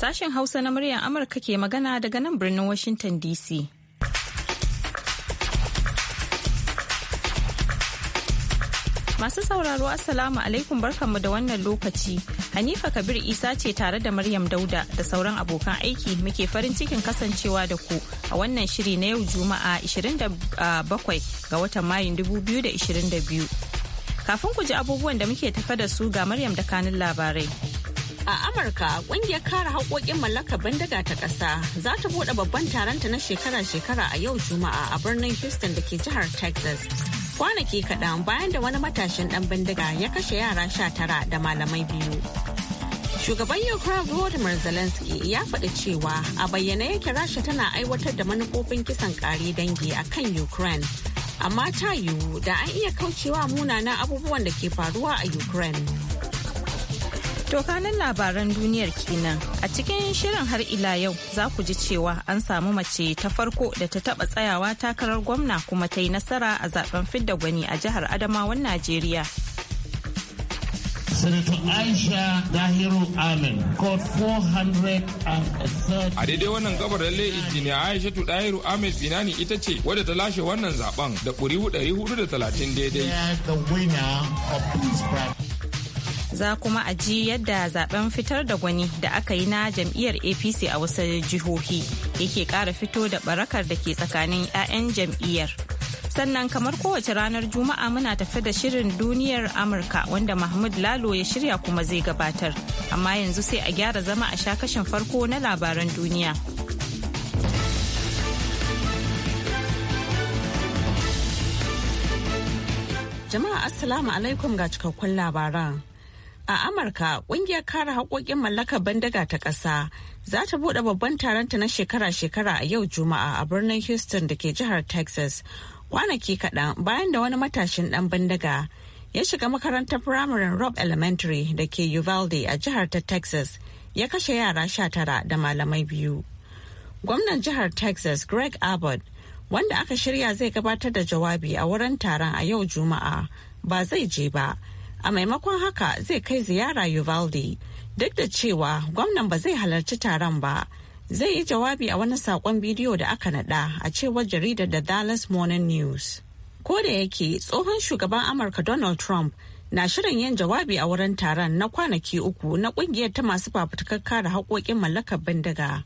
Sashen Hausa na muryar Amurka ke magana daga nan birnin Washington DC. Masu sauraro Assalamu alaikum barkanmu da wannan lokaci. Hanifa Kabir Isa ce tare da Maryam Dauda da sauran abokan aiki muke farin cikin kasancewa da ku a wannan shiri na yau Juma'a 27 ah, ga watan Mayun 2022. Kafin ku ji abubuwan da muke tafa da su ga Maryam da kanin labarai. A Amurka, ƙungiyar kare haƙoƙin mallaka bindiga ta ƙasa za ta buɗe babban taronta na shekara-shekara a yau Juma'a a birnin Houston da ke jihar Texas. Kwanaki kaɗan bayan da wani matashin ɗan bindiga ya kashe yara sha tara da malamai biyu. Shugaban Ukraine Volodymyr Zelensky ya faɗi cewa a bayyane yake Rasha tana aiwatar da manufofin kisan ƙari dangi a kan Ukraine. Amma ta yiwu da an iya kaucewa munanan abubuwan da ke faruwa a Ukraine. tokanin labaran duniyar kenan a cikin shirin har ila yau za ku ji cewa an samu mace ta farko da ta taba tsayawa takarar gwamna kuma ta yi nasara a zaben fidda gwani a jihar Adamawan Najeriya. A daidai wannan gabar lalle injiniya Aisha Dahiru Ahmed Binani ita ce wadda ta lashe wannan zaben da da 430 daidai. za kuma a ji yadda zaben fitar da gwani da aka yi na jam'iyyar apc a wasu jihohi yake kara fito da barakar da ke tsakanin 'ya'yan jam'iyyar sannan kamar kowace ranar juma'a muna tafi da shirin duniyar amurka wanda mahmud lalo ya shirya kuma zai gabatar amma yanzu sai a gyara zama a sha kashin farko na labaran duniya jama'a assalamu alaikum ga cikakkun labaran A Amurka, ƙungiyar kare haƙoƙin mallakar bandaga ta ƙasa za ta buɗe babban taronta na shekara-shekara a yau Juma'a a birnin Houston da ke jihar Texas. Kwanaki kaɗan bayan da wani matashin ɗan bandaga ya shiga makarantar firamaren Rob Elementary da ke Uvalde a jihar ta Texas ya kashe yara sha tara da malamai biyu. Gwamnan jihar Texas Greg Abbott wanda aka shirya zai gabatar da jawabi a wurin taron a yau Juma'a ba zai je ba. a maimakon haka zai kai ziyara uvalde duk da cewa gwamnan ba zai halarci taron ba zai yi jawabi a wani saƙon bidiyo da aka naɗa a cewar jaridar da dallas morning news ko da yake tsohon shugaban amurka donald trump na shirin yin jawabi a wurin taron na kwanaki uku na kungiyar ta masu fafutukar kare haƙoƙin mallakar bindiga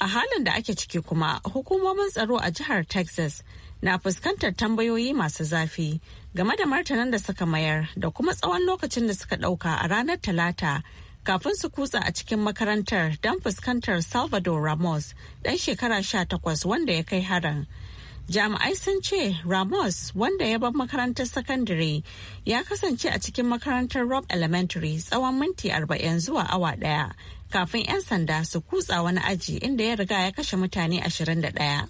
a halin da ake ciki kuma hukumomin tsaro a jihar texas na fuskantar tambayoyi masu zafi game da martanin da suka mayar da kuma tsawon lokacin da suka ɗauka a ranar talata kafin su kutsa a cikin makarantar don fuskantar salvador ramos dan shekara sha takwas wanda ya kai harin jami'ai sun ce ramos wanda ya bar makarantar sakandare ya kasance a cikin makarantar rob elementary tsawon minti arba'in zuwa awa daya kafin 'yan sanda su kutsa wani aji inda ya riga ya kashe mutane ashirin da 21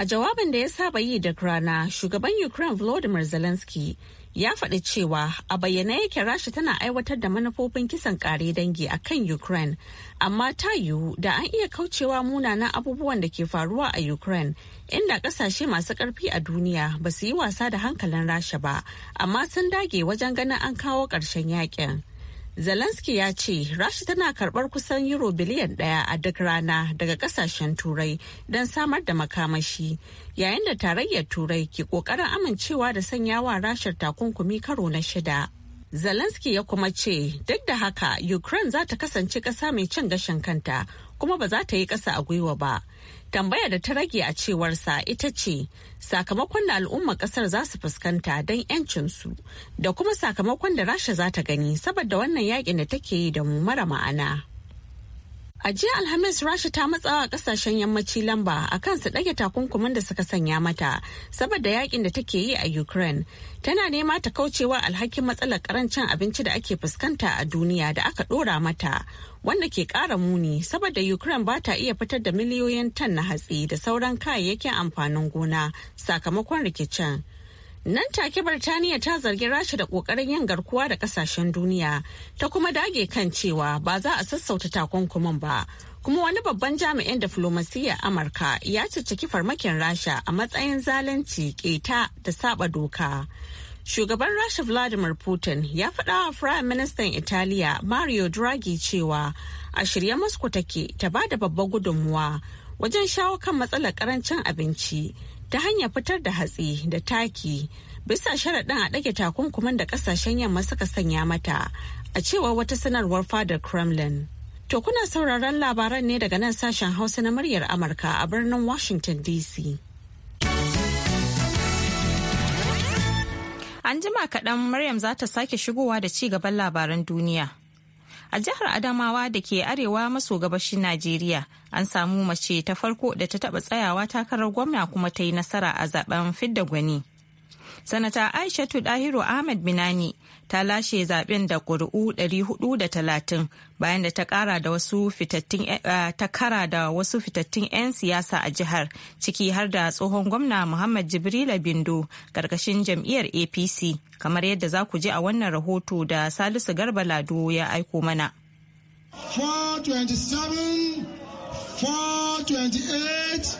A jawabin da ya saba yi da rana, shugaban Ukraine Volodymyr Zelensky ya faɗi cewa a bayyana yake rasha tana aiwatar da manufofin kisan ƙare dangi a kan Ukraine, amma ta yiwu da an iya kaucewa munanan abubuwan da ke faruwa a Ukraine, inda ƙasashe masu ƙarfi a duniya ba su yi wasa da hankalin rasha ba, amma sun dage wajen ganin an kawo ƙarshen yakin. Zelensky ya ce Rasha tana karbar kusan euro biliyan daya a duk rana daga kasashen turai don samar da makamashi yayin da tarayyar turai ke kokarin amincewa da sanyawa rashar takunkumi karo na shida. Zelensky ya kuma ce duk da haka Ukraine za ta kasance kasa mai cin gashin kanta kuma ba za ta yi kasa a gwiwa ba tambaya da ta rage a cewarsa ita ce sakamakon da al'ummar kasar za su fuskanta don 'yancinsu da kuma sakamakon da rasha za ta gani saboda wannan yakin da take yi da mu mara ma'ana A jiya Alhamis Rasha ta matsawa kasashen yammaci lamba a kan su ɗage takunkumin da suka sanya mata saboda yakin da take yi a Ukraine. Tana nema ta kaucewa alhakin matsalar karancin abinci da ake fuskanta a duniya da aka ɗora mata wanda ke ƙara muni saboda Ukraine ba ta iya fitar da miliyoyin tan na hatsi da sauran kayayyakin amfanin gona sakamakon rikicin. Nan take Birtaniya ta zargi Rasha da ƙoƙarin yin garkuwa da ƙasashen duniya ta kuma dage kan cewa ba za a sassauta takunkumin ba. Kuma wani babban jami'in diflomasiyyar Amurka ya cicciki farmakin Rasha a matsayin zalunci keta da saba doka. Shugaban Rasha Vladimir Putin ya faɗa wa Firayim Ministan Italiya Mario Draghi cewa a shirye Moscow take ta ba da babbar gudunmuwa wajen shawo kan matsalar karancin abinci ta hanyar fitar da hatsi da taki bisa sharaɗin a ɗage takunkuman da ƙasashen yamma suka sanya mata a cewar wata sanarwar fadar kremlin to kuna sauraron labaran ne daga nan sashen hausa na muryar amurka a birnin washington dc an jima kaɗan maryam za ta sake shigowa da ci gaban labaran duniya A jihar Adamawa da ke arewa maso gabashin Najeriya an samu mace ta farko da ta taɓa tsayawa takarar gwamna kuma ta yi nasara a zaben fidda gwani. Sanata Aishatu Tudahiru Ahmed Binani ta lashe zaben da ƙuri'u 430 bayan da eh, ah, ta kara da wasu fitattun ta kara da wasu fitattun 'yan siyasa a jihar ciki har da tsohon gwamna Muhammad Jibrila Bindo karkashin jam'iyyar APC kamar yadda za ku ji a wannan rahoto da Salisu Garba Lado ya aiko mana. 427 428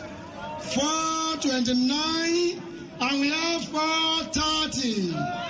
429 and we have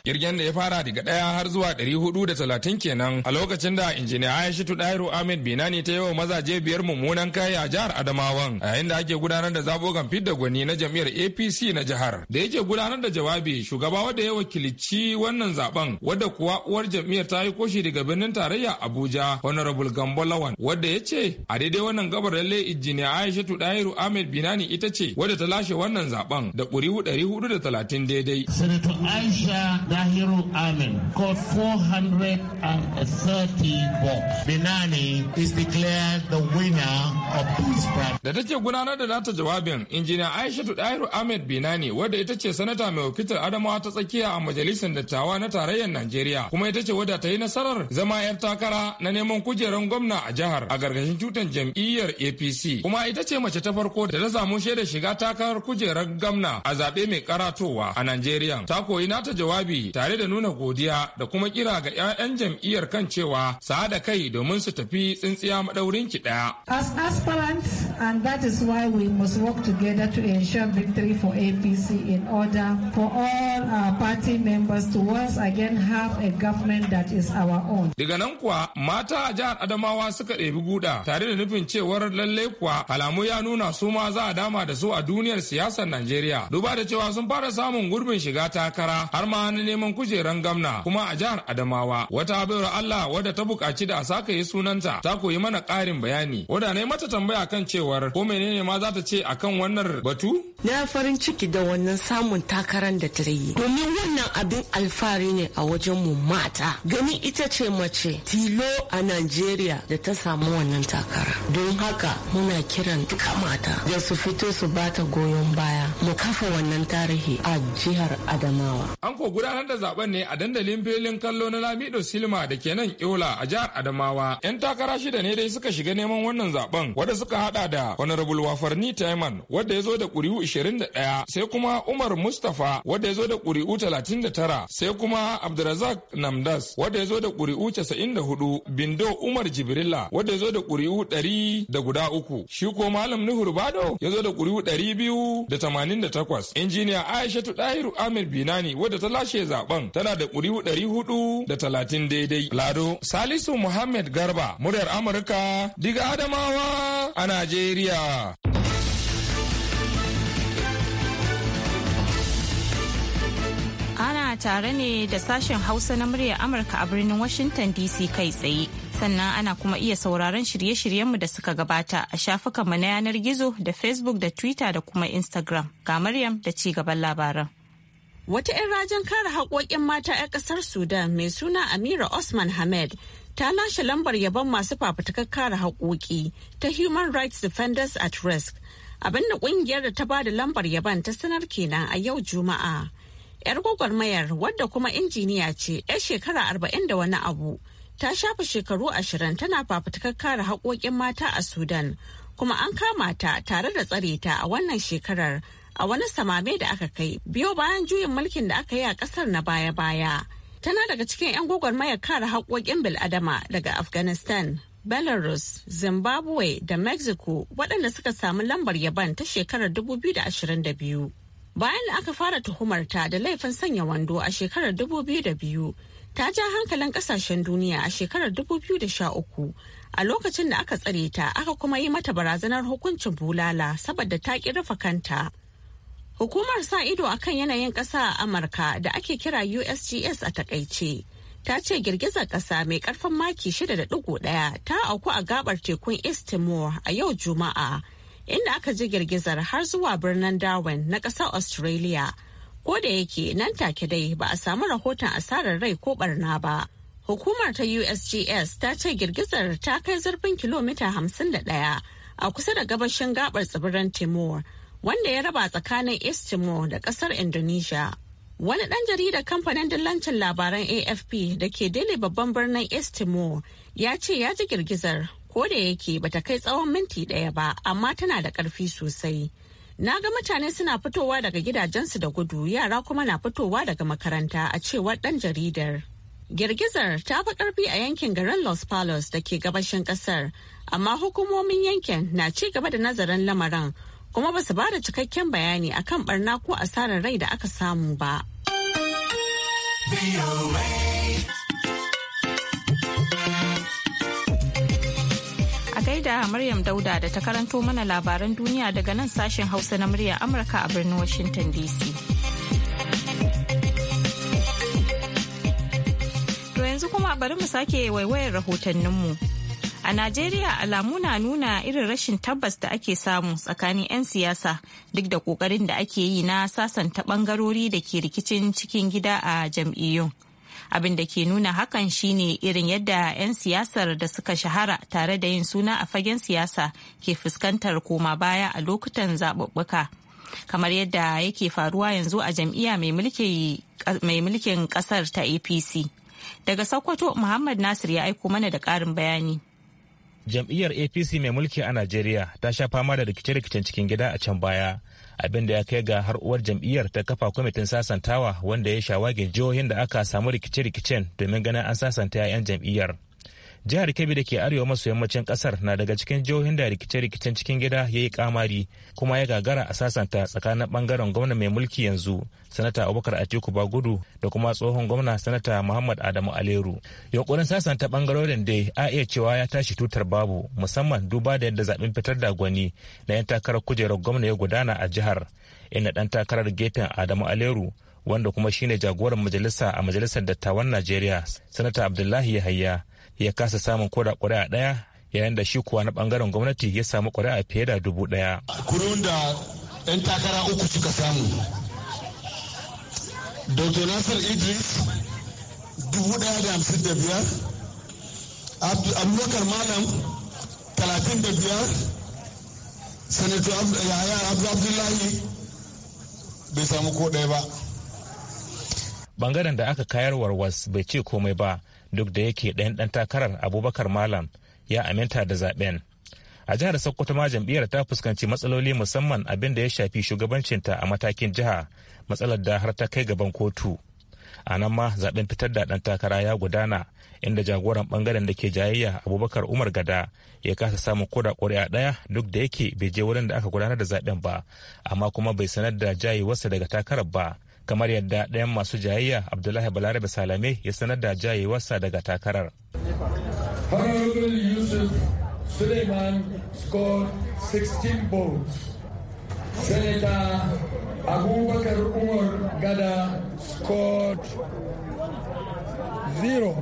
Jirgin da ya fara daga ɗaya har zuwa ɗari hudu da talatin kenan a lokacin da injiniya Aishatu Dairu Ahmed Binani ta yi wa mazaje biyar mummunan kai a jihar Adamawan a yayin da ake gudanar da zabogan fidda gwani na jam'iyyar APC na jihar. Da yake gudanar da jawabi shugaba wadda ya wakilci wannan zaben wadda kuwa uwar jam'iyyar ta yi koshi daga birnin tarayya Abuja Honorable Gambo Lawan wadda ya ce a daidai wannan gabar lalle injiniya Aishatu Dairu Ahmed Binani ita ce wadda ta lashe wannan zaben da ƙuri'u ɗari 430 daidai. Senator Aisha Dahiru Amin caught 430 votes. Binani is declared the winner of this prize. Da take gudanar da nata jawabin, injiniya Aisha Dahiru Ahmed Binani wadda ita ce sanata mai wakiltar Adamawa ta tsakiya a majalisar dattawa na tarayyar Najeriya kuma ita ce wadda ta yi nasarar zama 'yar takara na neman kujerar gwamna a jihar a gargashin tutan jam'iyyar APC kuma ita ce mace ta farko da ta samu shaidar shiga takarar kujerar gwamna a zaɓe mai karatowa a Najeriya ta koyi nata jawabi tare da nuna godiya da kuma kira ga 'ya'yan jam'iyyar kan cewa su haɗa kai domin su tafi tsintsiya maɗaurin ki ɗaya. As aspirants and that is why we must work together to ensure victory for APC in order for all our party members to once again have a government that is our own. Daga nan kuwa mata a jihar Adamawa suka ɗebi guda tare da nufin cewar lallai kuwa alamu ya nuna su ma za a dama da su a duniyar siyasar Najeriya. Duba da cewa sun sun fara samun gurbin shiga takara har ma na neman kujeran gamna kuma a jihar Adamawa. Wata abuwar Allah wadda ta bukaci da a saka yi sunanta ta koyi mana ƙarin bayani. Wadda na mata tambaya kan cewar ko menene ma za ta ce a kan wannan batu? Na farin ciki da wannan samun takarar da ta yi. Domin wannan abin alfahari ne a wajen mu mata. Gani ita ce mace tilo a Najeriya da ta samu wannan takara. Don haka muna kiran duka mata da su fito su bata goyon baya mu kafa wannan takara. tarihi a jihar Adamawa. An ko gudanar da zaben ne a dandalin filin kallo na Lamido Silma da ke nan Iola a jihar Adamawa. 'Yan takara shida ne dai suka shiga neman wannan zaben wanda suka hada da Honorable Wafarni Taiman wadda ya zo da ƙuri'u 21 sai kuma Umar Mustapha wadda ya zo da ƙuri'u 39 sai kuma Abdulrazak Namdas wadda ya zo da ƙuri'u 94 Bindo Umar Jibrilla wadda ya zo da ƙuri'u 100 da guda uku. Shi ko Malam Nuhur Bado ya zo da ƙuri'u 288. Injini duniya Aishatu Dahiru Amir Binani wadda ta lashe zaben tana da ƙuri'u ɗari hudu da talatin daidai. Lado Salisu Muhammad Garba muryar Amurka diga Adamawa a Najeriya. ana tare ne da sashen Hausa na murya Amurka a birnin Washington DC kai tsaye. Sannan ana kuma iya sauraron shirye-shiryenmu da suka gabata a shafukanmu na yanar gizo da Facebook da Twitter da kuma Instagram. Ga Maryam da cigaban labaran. Wata 'yan rajin kare haƙoƙin mata 'yan ƙasar Sudan mai suna Amira Osman Hamed ta lashe lambar yabon masu fafutukar kare haƙoƙi ta Human Rights Defenders at Risk. Abinda ƙungiyar da ta ba da lambar yaban ta sanar kenan a yau Juma'a. 'Yar gwagwarmayar wadda kuma injiniya ce 'yar shekara arba'in da wani abu ta shafa shekaru ashirin tana fafutukar kare haƙoƙin mata a Sudan kuma an kama ta tare da tsare ta a wannan shekarar a wani samame da aka kai biyo bayan juyin mulkin da aka yi a ƙasar na baya-baya. Tana daga cikin 'yan gwagwarmayar kare haƙoƙin bil'adama daga Afghanistan Belarus, Zimbabwe da Mexico waɗanda suka samu lambar yaban ta shekarar 2022. Bayan da aka fara tuhumarta da laifin sanya wando a shekarar 2002, ta ja hankalin kasashen duniya a shekarar 2013 a lokacin da aka tsare ta aka kuma yi mata barazanar hukuncin bulala saboda ta ƙi rufe kanta. Hukumar sa ido akan yanayin kasa a Amurka da ake kira USGS a takaice. Ta ce girgizar kasa mai ƙarfin maki 6.1 ta auku a gabar tekun East Timor a yau Juma'a. inda aka ji girgizar har zuwa birnin Darwin na ƙasar Australia. Ko da yake nan take dai ba a samu rahoton asarar rai ko barna ba. Hukumar ta USGS ta ce girgizar ta kai zurfin kilomita hamsin da 51 a kusa da gabashin gabar tsibirin Timor, wanda ya raba tsakanin East Timor da ƙasar Indonesia. Wani ɗan jarida kamfanin dillancin labaran AFP da ke Dele babban birnin East Timor ya ce ya ji girgizar ko da yake bata kai tsawon minti ɗaya ba amma tana da ƙarfi sosai na ga mutane suna fitowa daga gidajensu da gudu yara kuma na fitowa daga makaranta a cewar ɗan jaridar girgizar ta fi ƙarfi a yankin garin los palos da ke gabashin ƙasar amma hukumomin yankin na ci gaba da nazarin lamarin kuma ba su ba da cikakken bayani akan barna ko asarar rai da aka samu ba. da Maryam Dauda da ta karanto mana labaran duniya daga nan sashen Hausa na murya Amurka a birnin Washington DC. To yanzu kuma bari mu sake waiwayar rahotanninmu. A Najeriya alamu na nuna irin rashin tabbas da ake samu tsakanin 'yan siyasa duk da ƙoƙarin da ake yi na sasanta ɓangarori da ke rikicin cikin gida a jam'iyyun. abin da ke nuna hakan shine irin yadda 'yan siyasar da suka shahara tare da yin suna a fagen siyasa ke fuskantar koma baya a lokutan zaɓuɓɓuka kamar yadda yake faruwa yanzu a jam'iyya mai mulkin ƙasar ta apc daga sokoto muhammad nasir ya aiko mana da ƙarin bayani jam'iyyar apc mai mulki a najeriya ta sha fama da rikice-rikicen cikin gida a can baya abin da ya kai ga har uwar jam'iyyar ta kafa kwamitin sasantawa wanda ya shawagin jihohin da aka samu rikice-rikicen domin ganin an sasanta 'yan jam'iyyar jihar kebbi da ke arewa maso yammacin kasar na daga cikin jihohin da rikice-rikicen cikin gida ya yi kamari kuma ya gagara a sasanta tsakanin bangaren gwamna mai mulki yanzu sanata abubakar atiku bagudu da kuma tsohon gwamna sanata muhammad adamu aleru yunkurin sasanta bangarorin dai a iya cewa ya tashi tutar babu musamman duba da yadda zaben fitar da gwani na yan takarar kujerar gwamna ya gudana a jihar ina dan takarar gefen adamu aleru wanda kuma shine jagoran majalisa a majalisar dattawan najeriya sanata abdullahi yahaya ya kasa samun koda a ɗaya yayin da shi kuwa na ɓangaren gwamnati ya samu a fiye da dubu ɗaya. kurun da 'yan takara uku suka samu dr nasir idris dubu ɗaya da hamsin da biyar abubakar malam talatin da biyar sanato yaya abdullahi bai samu ko ɗaya ba bangaren da aka kayar warwas bai ce komai ba duk da yake ɗayan ɗan takarar abubakar malam ya aminta da zaben a jihar sokoto ma jam'iyyar ta fuskanci matsaloli musamman abin da ya shafi shugabancinta a matakin jiha matsalar da har ta kai gaban kotu a nan ma zaben fitar da ɗan takara ya gudana inda jagoran bangaren da ke jayayya abubakar umar gada ya kasa samun koda ƙuri'a ɗaya duk da yake bai je wurin da aka gudanar da zaben ba amma kuma bai sanar da jayewarsa daga takarar ba kamar yadda ɗayan masu jayayya abdullahi balarabe salame ya sanar da jayewarsa daga takarar Suleiman scored 16 votes. Senator Abubakar Umar Gada scott zero.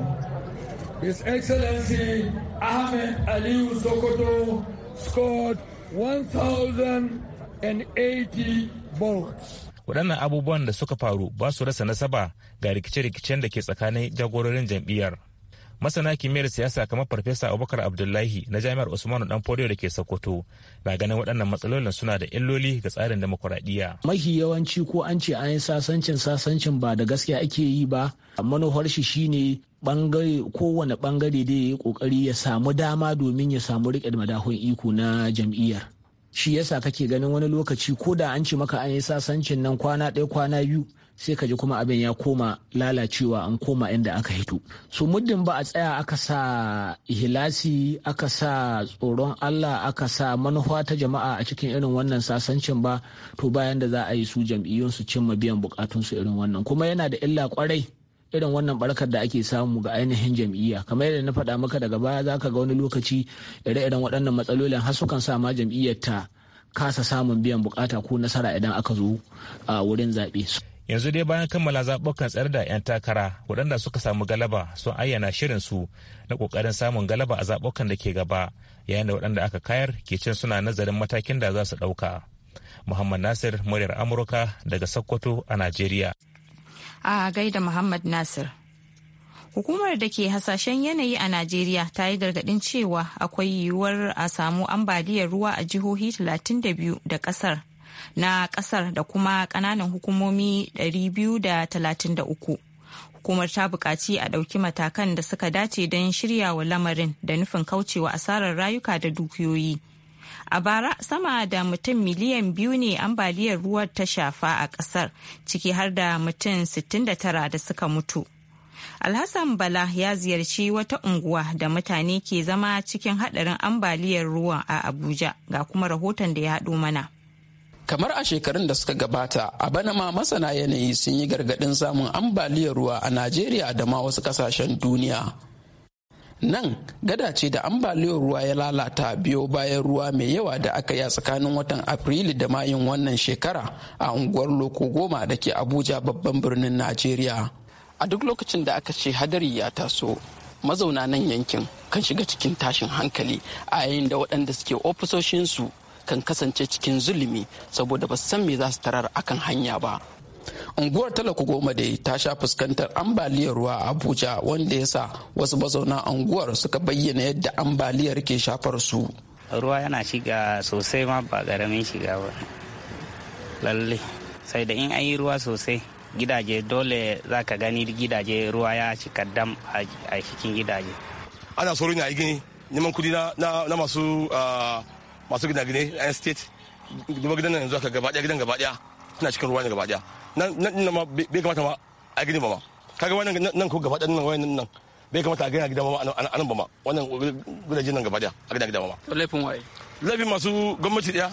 His Excellency Ahmed Aliyu Sokoto scored 1,080 votes. waɗannan abubuwan da suka faru ba su rasa nasaba ga rikice-rikicen da ke tsakanin jagororin jam'iyyar masana kimiyyar siyasa kamar farfesa abubakar abdullahi na jami'ar usmanu dan fodiyo da ke sokoto na ganin waɗannan matsalolin suna da illoli ga tsarin demokuraɗiyya. mahi yawanci ko an ce an yi sasancin sasancin ba da gaskiya ake yi ba manufar shi shine bangare kowane bangare da ya kokari ya samu dama domin ya samu riƙe madahun iko na jam'iyyar shi yasa kake ganin wani lokaci ko da an ce maka an yi sasancin nan kwana ɗaya kwana biyu sai ka ji kuma abin ya koma lalacewa an koma inda aka hito so muddin ba a tsaya aka sa hilasi aka sa tsoron allah aka sa manufa ta jama'a a cikin irin wannan sasancin ba to bayan da za a yi su jam'iyyun su cimma biyan bukatunsu irin wannan kuma yana da illa kwarai irin wannan barkar da ake samu ga ainihin jam'iyya kamar yadda na faɗa maka daga baya za ka ga wani lokaci ire-iren waɗannan matsalolin har sukan sa ma jam'iyyar ta kasa samun biyan bukata ko nasara idan aka zo a wurin zaɓe. yanzu dai bayan kammala zaɓukan tsayar da 'yan takara waɗanda suka samu galaba sun ayyana shirin su na ƙoƙarin samun galaba a zaɓukan da ke gaba yayin da waɗanda aka kayar ke cin suna nazarin matakin da za su ɗauka. Muhammad Nasir muryar Amurka daga Sokoto a Najeriya. a gaida Muhammad Nasir. Hukumar da ke hasashen yanayi a Najeriya ta yi gargaɗin cewa akwai yiwuwar a samu ambaliyar ruwa a jihohi 32 da ƙasar na ƙasar da kuma ƙananan hukumomi 233. Hukumar ta buƙaci a ɗauki matakan da suka dace don shirya wa lamarin da nufin kaucewa asarar rayuka da dukiyoyi. A bara sama da mutum miliyan biyu ne ambaliyar ruwa ta shafa a ƙasar ciki har da mutum 69 da suka mutu. Alhassan Bala ya ziyarci wata unguwa da mutane ke zama cikin haɗarin ambaliyar ruwa a Abuja ga kuma rahoton da ya haɗo mana. kamar a shekarun da suka gabata a bana ma masana yanayi sun yi gargaɗin samun ambaliyar ruwa a najeriya da ma wasu ƙasashen duniya nan gada ce da ambaliyar ruwa ya lalata biyo bayan ruwa mai yawa da aka yi a tsakanin watan afrilu da mayun wannan shekara a unguwar loko goma da ke abuja babban birnin najeriya a duk lokacin da aka ce hadari ya taso mazauna nan yankin kan shiga cikin tashin hankali a yayin da waɗanda suke ofisoshinsu kan kasance cikin zulumi saboda ba san me za su tarar akan hanya ba unguwar talaku goma dai ta sha fuskantar ambaliyar ruwa a abuja wanda ya sa wasu mazauna unguwar suka bayyana yadda ambaliyar ke shafar su ruwa yana shiga sosai ma ba ƙaramin shiga ba lalle sai da in an yi ruwa sosai gidaje dole za ka gani gidaje ruwa ya cika dam a cikin gidaje ana tsoro ne a gini neman kudi na masu ah, masu gina gine a state duba gidan yanzu aka gaba daya gidan gaba daya suna cikin ruwa ne gaba daya nan nan ma bai kamata ma a gini ba ma kaga wannan nan ko gaba ɗan nan wayan nan bai kamata a gani a gidan ma anan ba ma wannan gudajen nan gaba da a gidan ba ma to laifin waye laifin masu gwamnati daya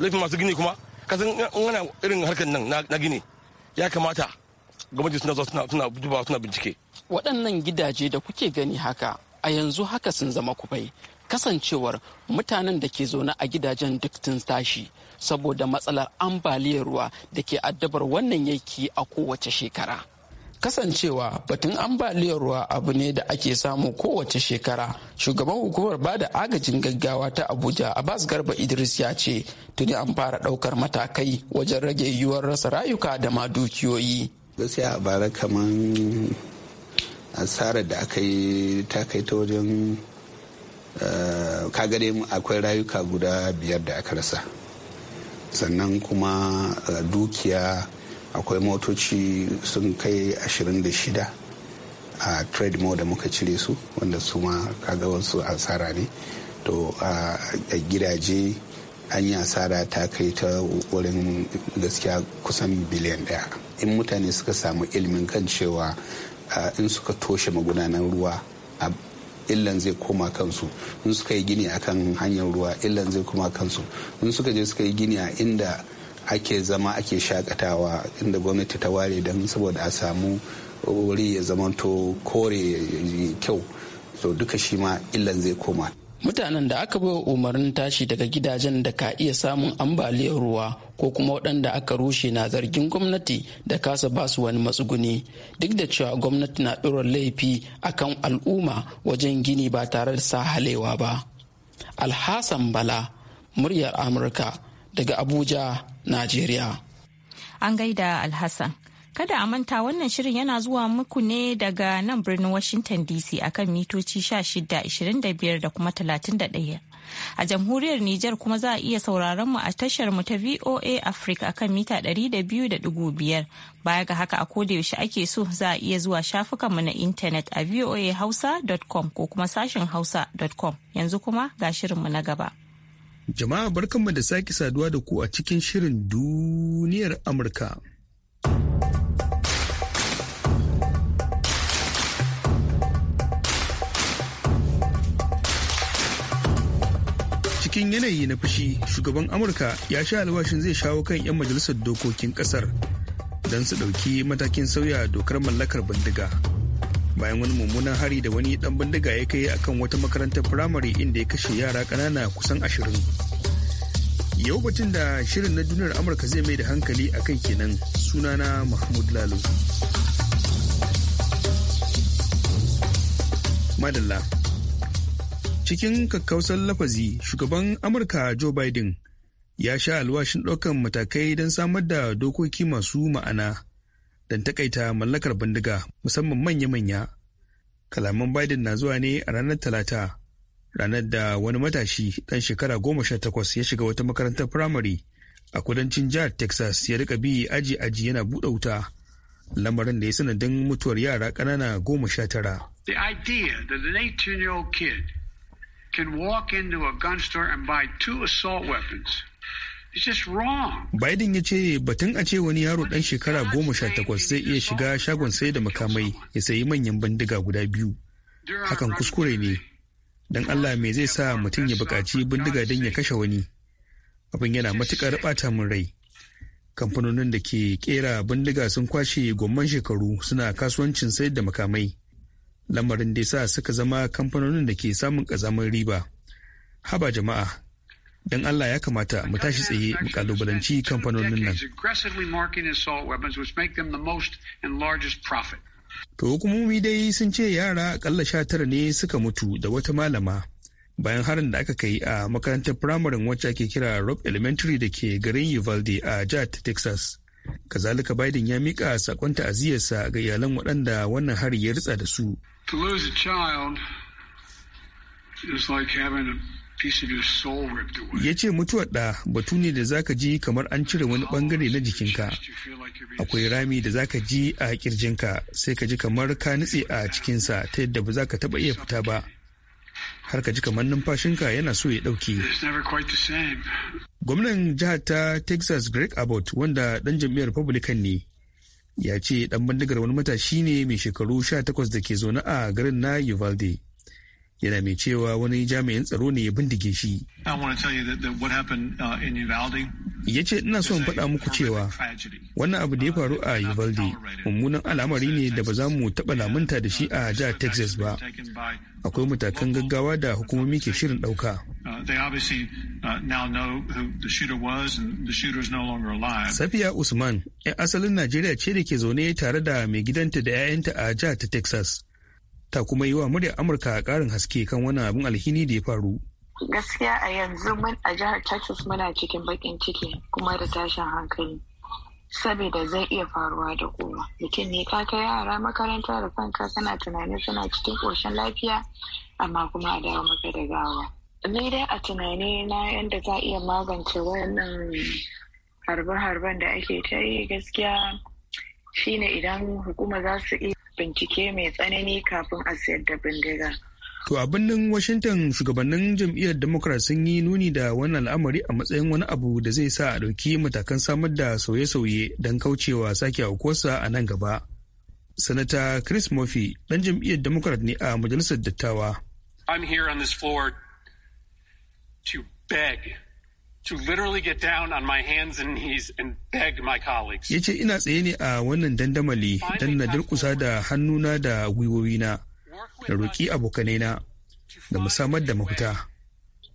laifin masu gini kuma kasan in ana irin harkar nan na gini ya kamata gwamnati suna zo suna suna duba suna bincike waɗannan gidaje da kuke gani haka a yanzu haka sun zama kufai kasancewar mutanen da ke zaune a gidajen duk sun tashi saboda matsalar ambaliyar ruwa da ke addabar wannan yanki a kowace shekara. kasancewa batun ambaliyar ruwa abu ne da ake samu kowace shekara shugaban hukumar bada agajin gaggawa ta abuja abbas garba idris ya ce tuni an fara daukar matakai wajen rage yiwuwar rasa rayuka da ma dukiyoyi gaskiya a bara kaman asarar da aka yi ta kai ta wajen eh, kagare akwai rayuka guda biyar da aka rasa sannan kuma eh, dukiya akwai motoci sun kai 26 a trade mall da muka cire su wanda su ma kaga wasu asara ne to a gidaje an yi asara ta kai ta wurin gaskiya kusan biliyan daya in mutane suka samu ilimin kan cewa eh, in suka toshe magudanan ruwa illan zai koma kansu in suka yi gini akan hanyar ruwa illan zai koma kansu in suka je suka yi gini a inda ake zama ake shakatawa inda gwamnati ta ware don saboda a samu wuri ya zamanto kore kyau to duka shi ma illan zai koma mutanen da aka bai umarnin tashi daga gidajen da ka iya samun ambaliyar ruwa ko kuma waɗanda aka rushe na zargin gwamnati da kasa ba su wani matsuguni duk da cewa gwamnati na ɗorar laifi akan al'umma wajen gini ba tare da sahalewa ba alhassan bala muryar amurka daga abuja najeriya an gaida alhassan Kada a manta wannan shirin yana zuwa muku ne daga nan birnin Washington DC akan mitoci 16, 25 da kuma 31. a jamhuriyar Nijar kuma za a iya sauraron mu a tashar mu ta VOA Africa akan mita 200.5 baya ga haka a koda yaushe ake so za a iya zuwa shafukan mu na intanet a voahausa.com ko kuma sashin hausa.com yanzu kuma ga shirin mu na gaba jama'a barkanmu da sake saduwa da ku a cikin shirin duniyar Amurka cikin yanayi na fushi shugaban amurka ya sha alwashin zai shawo kan 'yan majalisar dokokin kasar don su ɗauki matakin sauya dokar mallakar bindiga bayan wani mummunan hari da wani dan bindiga ya kai akan wata makarantar firamare inda ya kashe yara ƙanana kusan ashirin yau batun da shirin na duniyar amurka zai mai da hankali a kai kenan sunana mahmud lalo madalla Cikin kakkausan lafazi, shugaban Amurka Joe Biden ya sha alwashin ɗaukan matakai don samar da dokoki masu ma'ana don takaita mallakar bindiga musamman manya-manya. Kalaman Biden na zuwa ne a ranar Talata, ranar da wani matashi ɗan shekara goma sha takwas ya shiga wata makarantar firamare a kudancin jihar Texas ya rika bi aji-aji yana buɗe wuta. lamarin da ya sanadin mutuwar yara ƙanana goma sha tara. The idea that an 18-year-old kid can walk into a gun store and buy two assault weapons. It's Biden ya ce batun a ce wani yaro dan shekara goma sha takwas zai iya shiga shagon sai da makamai ya sayi manyan bindiga guda biyu. Hakan kuskure ne. dan Allah me zai sa mutum ya buƙaci bindiga don ya kashe wani. Abin yana matuƙar ɓata min rai. Kamfanonin da ke ƙera bindiga sun kwashe gomman shekaru suna kasuwancin sayar da makamai. lamarin da sa suka zama kamfanonin da ke samun ƙazamar riba haba jama'a don allah ya kamata mu tashi tsaye mu kalubalanci kamfanonin nan to hukumomi dai sun ce yara akalla sha tara ne suka mutu da wata malama bayan harin da aka kai a makarantar firamarin wacce ake kira rock elementary da ke garin uvalde a jihar texas kazalika biden ya mika sakon ta'aziyarsa ga iyalan waɗanda wannan hari ya ritsa da su To lose a child is like having a ya ce mutuwar ɗa batu ne da zaka ji kamar an cire wani bangare na jikinka akwai rami da zaka ji a kirjinka sai ka ji kamar ka nutse a cikinsa ta yadda ba za ka taɓa iya fita ba har ka ji kamar numfashinka yana so ya ɗauke gwamnan jihar ta texas greg abbott wanda ɗan jam'iyyar republican ne ya ce dan bindigar wani matashi ne mai shekaru 18 da ke zaune a garin na uvalde yana mai cewa wani jami'in tsaro ne ya bindige shi. Uh, ya ce ina son faɗa muku cewa wannan abu da ya faru uh, a Uvalde mummunan al'amari ne da ba za mu taɓa lamunta da shi a jihar Texas ba. Akwai matakan gaggawa da hukumomi ke shirin ɗauka. Uh, Safiya Usman, 'yan asalin Najeriya ce da ke zaune tare da mai gidanta da 'ya'yanta a jihar ta Texas. ta kuma yi wa muryar amurka karin haske kan wannan abin alhini da ya faru gaskiya a yanzu mun a jihar texas muna cikin bakin ciki kuma da tashin hankali saboda zai iya faruwa da kowa mutum ne ka kai yara makaranta da kanka kana tunani suna cikin koshin lafiya amma kuma a dawo maka da gawa ni dai a tunani na yadda za iya magance wannan harbe-harben da ake ta yi gaskiya shine idan hukuma za su iya bincike mai tsanani kafin a sayar da bindiga. To a birnin Washington shugabannin jam'iyyar Democrat sun yi nuni da wannan al'amari a matsayin wani abu da zai sa a ɗauki matakan samar da sauye-sauye don kaucewa sake aukuwarsa a nan gaba. Sanata Chris Murphy ɗan jam'iyyar Democrat ne a majalisar dattawa. I'm here on this to literally get down on my hands and knees and beg my colleagues. ce ina tsaye ne a wannan dandamali don na durkusa da hannuna da gwiwowina da roƙi abokanaina da mu samar da mafita.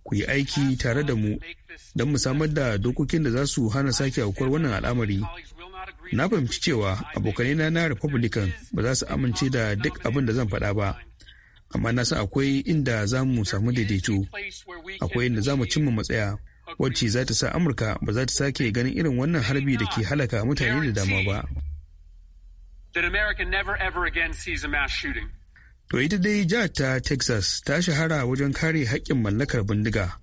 Ku yi aiki tare da mu don mu samar da dokokin da za su hana sake aukuwar wannan al'amari. Na fahimci cewa abokanaina na Republican ba za su amince da duk abin da zan faɗa ba. Amma na san akwai inda za mu samu daidaito, akwai inda za mu cimma matsaya. wacce za ta sa amurka ba za ta sake ganin irin wannan harbi da ke halaka mutane da dama ba to ita dai jihar ta texas ta shahara wajen kare haƙƙin mallakar bindiga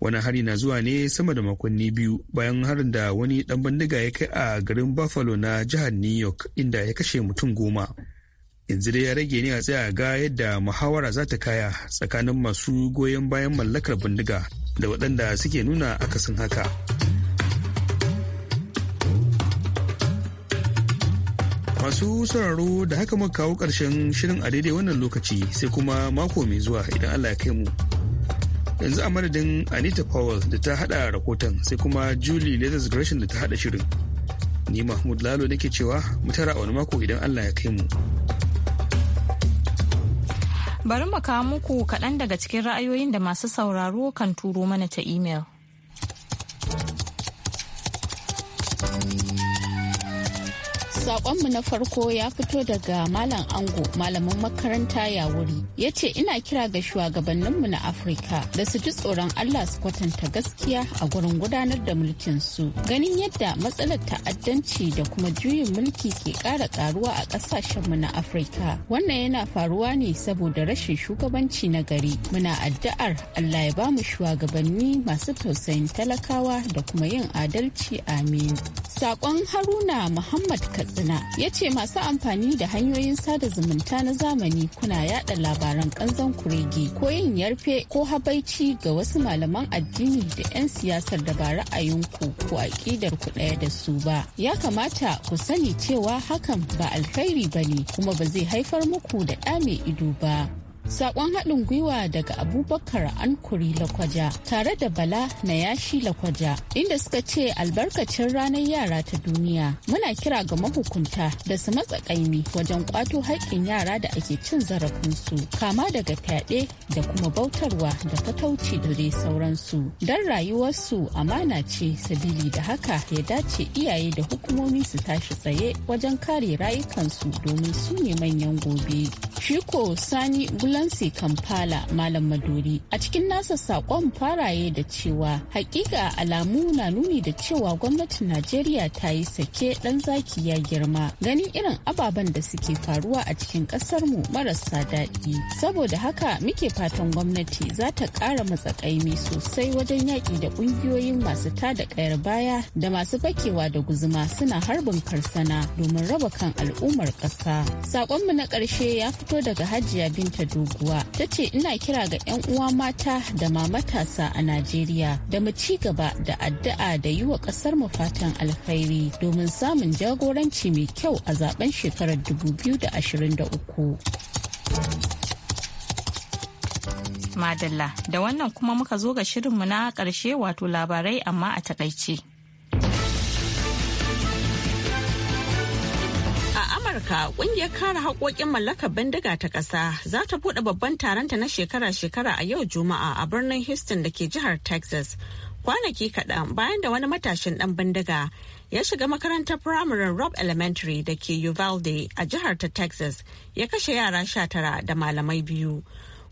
wani hari na zuwa ne sama da makonni biyu bayan harin da wani ɗan bindiga ya kai a garin buffalo na jihar new york inda ya kashe mutum goma yanzu dai ya rage ne a tsaya ga yadda muhawara za ta kaya tsakanin masu goyon bayan mallakar bindiga da waɗanda suke nuna akasin haka masu sauraro da haka muka kawo ƙarshen shirin a daidai wannan lokaci sai kuma mako mai zuwa idan allah ya kai mu yanzu a madadin anita powell da ta hada rahoton sai kuma julie leathers gresham da ta hada shirin ni mahmud lalo nake cewa mutara a wani mako idan allah ya kai mu Bari mu kawo muku kaɗan daga cikin ra'ayoyin da masu sauraro kan turo mana ta imel. Sakonmu na farko ya fito daga Malam Ango, malaman makaranta ya wuri. Ya ce ina kira ga shugabanninmu na Afirka da su ji tsoron Allah su kwatanta gaskiya a gurin gudanar da mulkin su. Ganin yadda matsalar ta'addanci da kuma juyin mulki ke ƙara ƙaruwa a ƙasashenmu na Afirka. Wannan yana faruwa ne saboda rashin shugabanci na gari. Muna addu'ar Allah ya ba shugabanni masu tausayin talakawa da kuma yin adalci amin. Sakon Haruna Muhammad Katsi katsina ya ce masu amfani da hanyoyin sada zumunta na zamani kuna yada labaran kanzon kuregi ko yin yarfe ko habaici ga wasu malaman addini da 'yan siyasar da ba ra'ayinku ko aƙidar ku ɗaya da su ba ya kamata ku sani cewa hakan ba alkhairi ba ne kuma ba zai haifar muku da ɗa ido ba saƙon haɗin gwiwa daga Abubakar Ankuri Lakwaja tare da Bala na yashi Lakwaja inda suka ce albarkacin ranar yara ta duniya muna kira ga mahukunta da su matsa ƙaimi wajen ƙwato haƙƙin yara da ake cin zarafinsu kama daga fyaɗe da kuma bautarwa da fatauci da dai sauransu don rayuwarsu amana ce sabili da haka ya dace iyaye da hukumomi su tashi tsaye wajen kare rayukansu domin su ne manyan gobe. Shiko Sani Gula Excellency Kampala Malam Maduri. A cikin nasa saƙon faraye da cewa hakika alamu na nuni da cewa gwamnatin Najeriya ta yi sake ɗan zaki ya girma ganin irin ababen da suke faruwa a cikin ƙasarmu marasa daɗi. Saboda haka muke fatan gwamnati za ta ƙara matsakaimi sosai wajen yaƙi da ƙungiyoyin masu tada ƙayar baya da masu fakewa da guzuma suna harbin karsana domin raba kan al'ummar ƙasa. Saƙonmu na ƙarshe ya fito daga Hajiya Binta Do unguwa ta ce ina kira ga 'yan uwa mata da ma matasa a najeriya da mu ci gaba da addu'a da yi wa kasar mu fatan alkhairi domin samun jagoranci mai kyau a zaben shekarar 2023 Madalla, da wannan kuma muka zo ga shirinmu na ƙarshe wato labarai amma a takaice. Amurka kungiyar kare haƙoƙin mallakar bindiga ta ƙasa za ta buɗe babban taronta na shekara-shekara a yau juma'a a birnin houston da ke jihar texas kwanaki kaɗan bayan da wani matashin ɗan bindiga ya shiga makarantar firamaren rob elementary da ke uvalde a jihar ta texas ya kashe yara sha tara da malamai biyu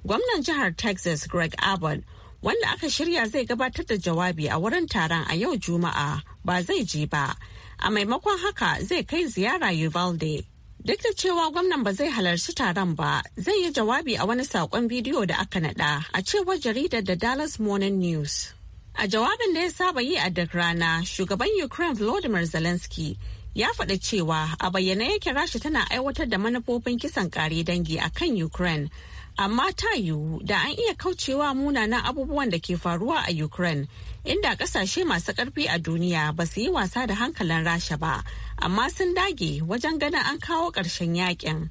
gwamnan jihar texas greg abbott wanda aka shirya zai gabatar da jawabi a wurin taron a yau juma'a ba zai je ba a maimakon haka zai kai ziyara uvalde Duk da cewa gwamnan ba zai halarci taron ba, zai yi jawabi a wani saƙon bidiyo da aka naɗa a cewar jaridar da Dallas Morning News. A jawabin da ya saba yi a duk rana, shugaban Ukraine Volodymyr Zelensky ya faɗa cewa a bayyane yake rasha tana aiwatar da manufofin kisan kare dangi a kan Ukraine amma ta yiwu da an iya kaucewa munanan abubuwan da ke faruwa a ukraine inda kasashe masu karfi a duniya ba su yi wasa da hankalin rasha ba amma sun dage wajen ganin an kawo ƙarshen yakin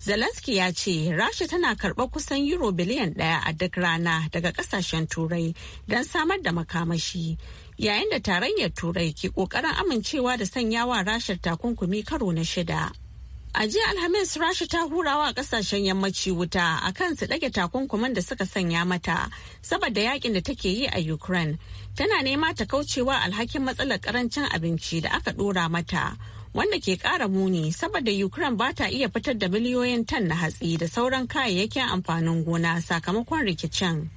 zelensky ya ce rasha tana karɓar kusan euro biliyan ɗaya a duk rana daga kasashen turai don samar da makamashi yayin da tarayyar turai ke ƙoƙarin amincewa da sanyawa rashar takunkumi karo na shida A jiya Alhamis Rasha ta hurawa kasashen yammaci wuta a kan su ɗage takunkuman da suka sanya mata saboda yakin da take yi a Ukraine. Tana nema ta kaucewa alhakin matsalar karancin abinci da aka ɗora mata. Wanda ke ƙara muni saboda Ukraine ba ta iya fitar da miliyoyin tan na hatsi da sauran kayayyakin amfanin gona sakamakon rikicin.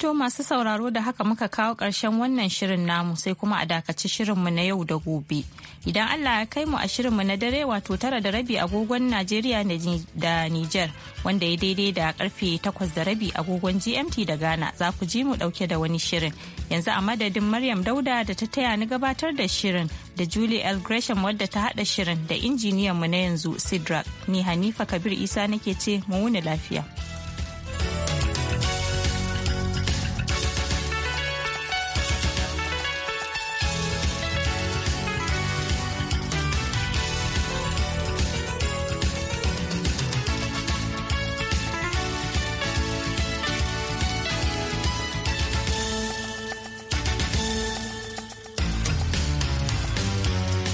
To masu sauraro da haka muka kawo ƙarshen wannan shirin namu sai kuma a dakaci shirinmu na yau da gobe. Idan Allah ya kai mu a shirinmu na dare wato tara da rabi agogon Najeriya da Nijar wanda ya daidai da karfe takwas da rabi agogon GMT da Ghana za ku ji mu ɗauke da wani shirin. Yanzu a madadin Maryam Dauda da ta taya ni gabatar da shirin da Julie L. Gresham wadda ta haɗa shirin da injiniyanmu na yanzu Sidrak. Ni Hanifa Kabir Isa nake ce mu wuni lafiya.